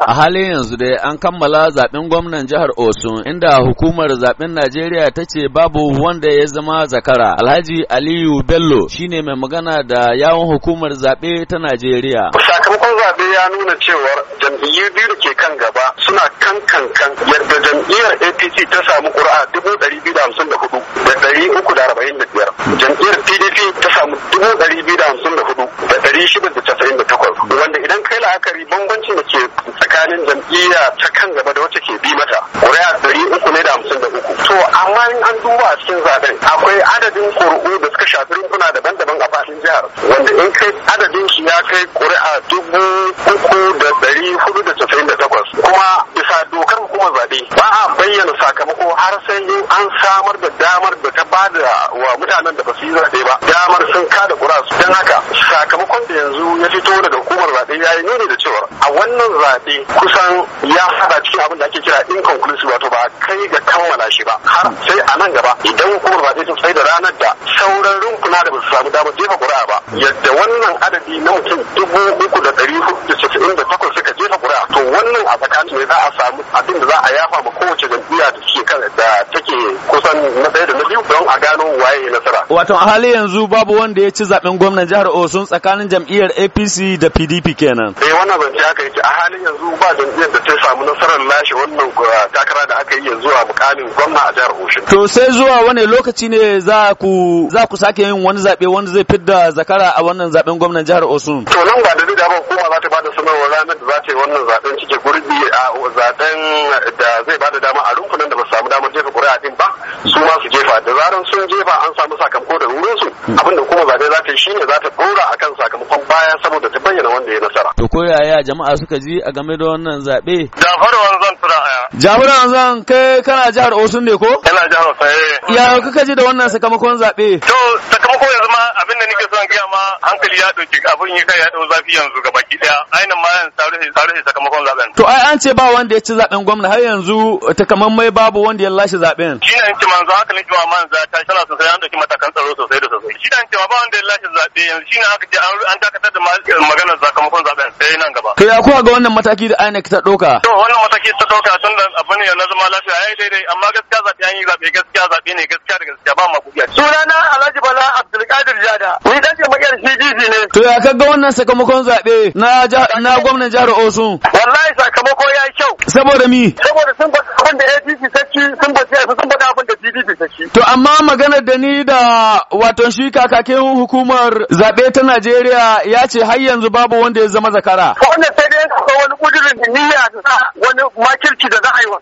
A halin yanzu dai an kammala zaben gwamnan jihar Osun inda hukumar zaben Najeriya ta ce babu wanda ya zama zakara. Alhaji Aliyu Bello shine mai magana da yawon hukumar zaɓe ta Najeriya. Sakamakon zabe ya nuna cewar jam'iyyu biyu da ke kan gaba suna kan kan kan yadda jam'iyyar APC ta samu ƙuri'a dubu ɗari biyu da hamsin da hudu da ɗari uku da arba'in da biyar. Jam'iyyar PDP ta samu dubu ɗari biyu da hamsin da hudu da ɗari shida da casa'in da takwas. Wanda idan kai la'akari bambancin da jam'iyya ta kan gaba da wacce ke bi mata ƙuri'a ɗari uku ne da hamsin da uku to amma in an duba a cikin zaben akwai adadin ƙuri'u da suka shafi rumfuna daban-daban a faɗin jihar wanda in kai adadin shi ya kai ƙuri'a dubu uku da ɗari hudu da casa'in da takwas kuma bisa dokar hukumar zaɓe ba a bayyana sakamako har sai in an samar da damar da ta ba da wa mutanen da ba su yi zaɓe ba damar sun kada ƙuri'a su don haka sakamakon da yanzu ya fito daga hukumar zaɓe ya yi nuni da wannan zaɓe kusan ya haɗa cikin abin da ake kira inconclusive wato ba kai ga kammala shi ba har sai a nan gaba idan hukumar zaɓe sun sai da ranar da sauran rumfuna da ba su samu damar jefa ƙuri'a ba yadda wannan adadi na mutum dubu uku da ɗari hudu da takwas suka jefa ƙuri'a to wannan a tsakanin ne za a samu abin da za a yafa ma kowace jam'iyya da suke da take kusan na ɗaya da na biyu don a gano waye nasara. Wato a hali yanzu babu wanda ya ci zaben gwamnan jihar Osun tsakanin jam'iyyar APC da PDP kenan. Eh wannan zance aka yi a halin yanzu ba jam'iyyar da ta samu nasarar lashe wannan uh, takara da aka yi yanzu a mukamin gwamna a jihar Osun. To sai zuwa wani lokaci ne za ku za ku sake yin wani zabe wanda zai fidda zakara a wannan zaben gwamnan jihar Osun. To nan ba da da ba kuma za ta bada sanarwar ranar da za ta yi wannan zaben cike gurbi a zaben da zai bada dama a rumfa da zaran sun jefa an samu sakamako da wurin su abinda kuma dai za ta yi shine za ta dora akan sakamakon baya saboda ta bayyana wanda ya nasara to ko yaya jama'a suka ji a game da wannan zabe Jafaru tura Turaya Jafaru zan kai kana jihar Osun ne ko kana jihar Osun eh. ya kuka ji da wannan sakamakon zabe to sakamako yanzu ma da nake son ga hankali ya ɗauki abin ya kai ya ɗau zafi yanzu ga baki ɗaya ainihin ma yan tarihi sakamakon zaben. To ai an ce ba wanda ya ci zaben gwamna har yanzu mai babu wanda ya lashe zaben. Shi ne ce manzo ne jama'a man za ta tana sosai an ɗauki matakan tsaro sosai da sosai. Shi ne ce ba wanda ya lashe zaɓe yanzu shi ne haka ce an dakatar da maganar sakamakon zaben sai nan gaba. To ya kuwa ga wannan mataki da INEC ta ɗauka? To wannan mataki ta ɗauka tun da abu ne na zama lafiya ya yi daidai amma gaskiya zaɓe an yi zaɓe gaskiya zaɓe ne gaskiya da gaskiya ba ma kuɗi. Sunana Jada. Ni dan jam'iyyar ne. To ya kaga wannan sakamakon zaɓe na na gwamnan jihar Osun. Wallahi sakamako ya yi kyau. Saboda mi? Saboda sun ba abin da APC sacci sun sun sai sun da abin da PDP sacci To amma maganar da ni da wato shi kakakin hukumar zaɓe ta Najeriya ya ce har yanzu babu wanda ya zama zakara. Wannan sai niyya da za wani makirci da za a yi wa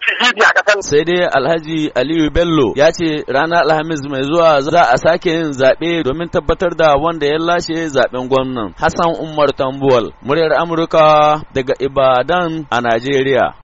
a Sai dai Alhaji Aliyu Bello ya ce ranar Alhamis mai zuwa za a sake yin zaɓe domin tabbatar da wanda ya lashe zaɓen gwamnan. Hassan Umar Tambuwal, muryar Amurka daga Ibadan a Najeriya.